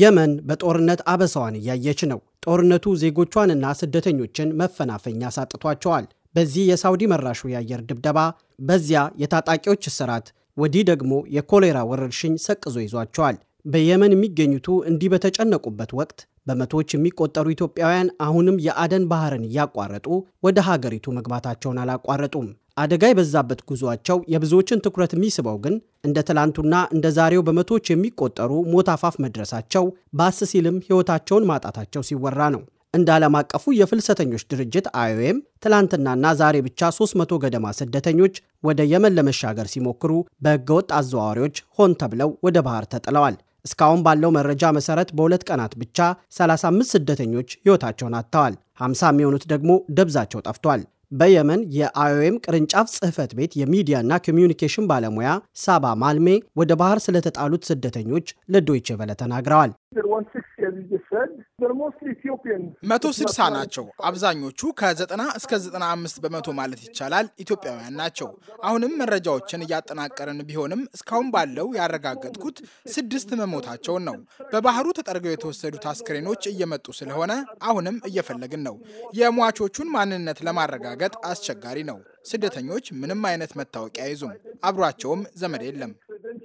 የመን በጦርነት አበሳዋን እያየች ነው። ጦርነቱ ዜጎቿንና ስደተኞችን መፈናፈኛ አሳጥቷቸዋል። በዚህ የሳውዲ መራሹ የአየር ድብደባ፣ በዚያ የታጣቂዎች እስራት፣ ወዲህ ደግሞ የኮሌራ ወረርሽኝ ሰቅዞ ይዟቸዋል። በየመን የሚገኙቱ እንዲህ በተጨነቁበት ወቅት በመቶዎች የሚቆጠሩ ኢትዮጵያውያን አሁንም የአደን ባህርን እያቋረጡ ወደ ሀገሪቱ መግባታቸውን አላቋረጡም። አደጋ የበዛበት ጉዞአቸው የብዙዎችን ትኩረት የሚስበው ግን እንደ ትላንቱና እንደ ዛሬው በመቶዎች የሚቆጠሩ ሞት አፋፍ መድረሳቸው ባስ ሲልም ሕይወታቸውን ማጣታቸው ሲወራ ነው። እንደ ዓለም አቀፉ የፍልሰተኞች ድርጅት አይኦኤም ትላንትናና ዛሬ ብቻ 300 ገደማ ስደተኞች ወደ የመን ለመሻገር ሲሞክሩ በሕገወጥ አዘዋዋሪዎች ሆን ተብለው ወደ ባህር ተጥለዋል። እስካሁን ባለው መረጃ መሰረት በሁለት ቀናት ብቻ 35 ስደተኞች ሕይወታቸውን አጥተዋል። 50 የሚሆኑት ደግሞ ደብዛቸው ጠፍቷል። በየመን የአይኦኤም ቅርንጫፍ ጽህፈት ቤት የሚዲያና ኮሚዩኒኬሽን ባለሙያ ሳባ ማልሜ ወደ ባህር ስለተጣሉት ስደተኞች ለዶይቼ ቬለ ተናግረዋል። መቶ ስልሳ ናቸው። አብዛኞቹ ከዘጠና እስከ ዘጠና አምስት በመቶ ማለት ይቻላል ኢትዮጵያውያን ናቸው። አሁንም መረጃዎችን እያጠናቀርን ቢሆንም እስካሁን ባለው ያረጋገጥኩት ስድስት መሞታቸውን ነው። በባህሩ ተጠርገው የተወሰዱት አስክሬኖች እየመጡ ስለሆነ አሁንም እየፈለግን ነው። የሟቾቹን ማንነት ለማረጋገጥ አስቸጋሪ ነው። ስደተኞች ምንም አይነት መታወቂያ አይዙም፣ አብሯቸውም ዘመድ የለም።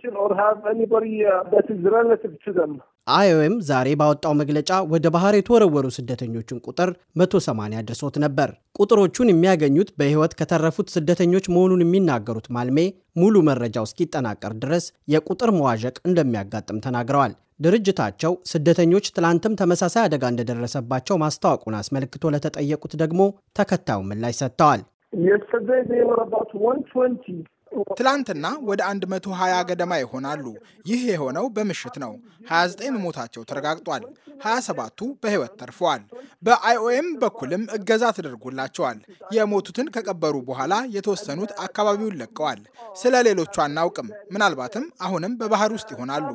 Uh, intervention አይኦኤም ዛሬ ባወጣው መግለጫ ወደ ባህር የተወረወሩ ስደተኞችን ቁጥር 180 ድርሶት ነበር። ቁጥሮቹን የሚያገኙት በሕይወት ከተረፉት ስደተኞች መሆኑን የሚናገሩት ማልሜ ሙሉ መረጃው እስኪጠናቀር ድረስ የቁጥር መዋዠቅ እንደሚያጋጥም ተናግረዋል። ድርጅታቸው ስደተኞች ትላንትም ተመሳሳይ አደጋ እንደደረሰባቸው ማስታወቁን አስመልክቶ ለተጠየቁት ደግሞ ተከታዩ ምላሽ ሰጥተዋል። ትላንትና ወደ 120 ገደማ ይሆናሉ። ይህ የሆነው በምሽት ነው። 29 መሞታቸው ተረጋግጧል። 27ቱ በህይወት ተርፈዋል። በአይኦኤም በኩልም እገዛ ተደርጎላቸዋል። የሞቱትን ከቀበሩ በኋላ የተወሰኑት አካባቢውን ለቀዋል። ስለ ሌሎቹ አናውቅም። ምናልባትም አሁንም በባህር ውስጥ ይሆናሉ።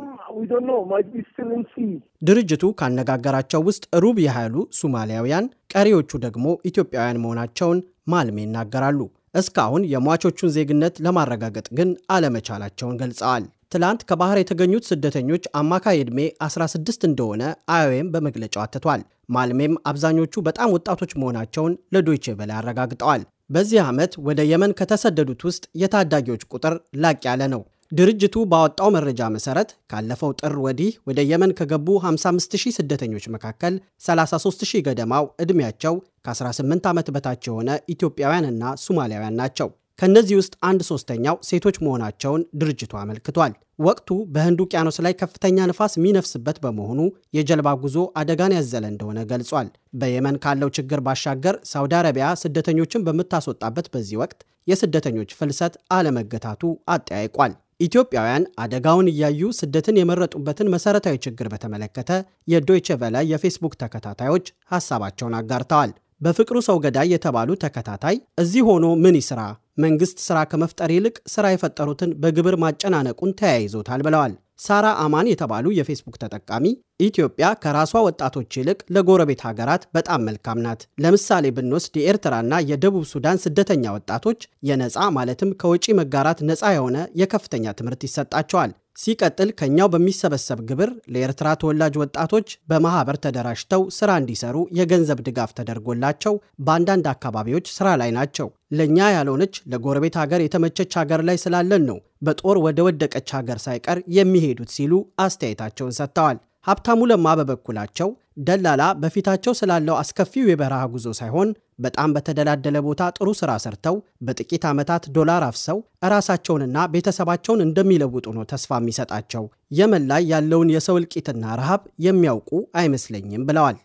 ድርጅቱ ካነጋገራቸው ውስጥ ሩብ ያህሉ ሱማሊያውያን፣ ቀሪዎቹ ደግሞ ኢትዮጵያውያን መሆናቸውን ማልሜ ይናገራሉ። እስካሁን የሟቾቹን ዜግነት ለማረጋገጥ ግን አለመቻላቸውን ገልጸዋል። ትላንት ከባህር የተገኙት ስደተኞች አማካይ ዕድሜ 16 እንደሆነ አይኦኤም በመግለጫው አትቷል። ማልሜም አብዛኞቹ በጣም ወጣቶች መሆናቸውን ለዶይቼ ቬለ አረጋግጠዋል። በዚህ ዓመት ወደ የመን ከተሰደዱት ውስጥ የታዳጊዎች ቁጥር ላቅ ያለ ነው። ድርጅቱ ባወጣው መረጃ መሰረት ካለፈው ጥር ወዲህ ወደ የመን ከገቡ 55000 ስደተኞች መካከል 33000 ገደማው ዕድሜያቸው ከ18 ዓመት በታች የሆነ ኢትዮጵያውያንና ሱማሊያውያን ናቸው። ከእነዚህ ውስጥ አንድ ሶስተኛው ሴቶች መሆናቸውን ድርጅቱ አመልክቷል። ወቅቱ በህንድ ውቅያኖስ ላይ ከፍተኛ ንፋስ የሚነፍስበት በመሆኑ የጀልባ ጉዞ አደጋን ያዘለ እንደሆነ ገልጿል። በየመን ካለው ችግር ባሻገር ሳውዲ አረቢያ ስደተኞችን በምታስወጣበት በዚህ ወቅት የስደተኞች ፍልሰት አለመገታቱ አጠያይቋል። ኢትዮጵያውያን አደጋውን እያዩ ስደትን የመረጡበትን መሠረታዊ ችግር በተመለከተ የዶይቸ ቬለ የፌስቡክ ተከታታዮች ሐሳባቸውን አጋርተዋል። በፍቅሩ ሰው ገዳይ የተባሉ ተከታታይ እዚህ ሆኖ ምን ይስራ? መንግሥት ሥራ ከመፍጠር ይልቅ ሥራ የፈጠሩትን በግብር ማጨናነቁን ተያይዞታል ብለዋል። ሳራ አማን የተባሉ የፌስቡክ ተጠቃሚ ኢትዮጵያ ከራሷ ወጣቶች ይልቅ ለጎረቤት ሀገራት በጣም መልካም ናት። ለምሳሌ ብንወስድ የኤርትራና የደቡብ ሱዳን ስደተኛ ወጣቶች የነፃ ማለትም ከወጪ መጋራት ነፃ የሆነ የከፍተኛ ትምህርት ይሰጣቸዋል። ሲቀጥል ከኛው በሚሰበሰብ ግብር ለኤርትራ ተወላጅ ወጣቶች በማህበር ተደራጅተው ስራ እንዲሰሩ የገንዘብ ድጋፍ ተደርጎላቸው በአንዳንድ አካባቢዎች ስራ ላይ ናቸው። ለእኛ ያልሆነች ለጎረቤት ሀገር የተመቸች ሀገር ላይ ስላለን ነው በጦር ወደ ወደቀች ሀገር ሳይቀር የሚሄዱት ሲሉ አስተያየታቸውን ሰጥተዋል። ሀብታሙ ለማ በበኩላቸው ደላላ በፊታቸው ስላለው አስከፊው የበረሃ ጉዞ ሳይሆን በጣም በተደላደለ ቦታ ጥሩ ሥራ ሰርተው በጥቂት ዓመታት ዶላር አፍሰው ራሳቸውንና ቤተሰባቸውን እንደሚለውጡ ነው ተስፋ የሚሰጣቸው። የመን ላይ ያለውን የሰው እልቂትና ረሃብ የሚያውቁ አይመስለኝም ብለዋል።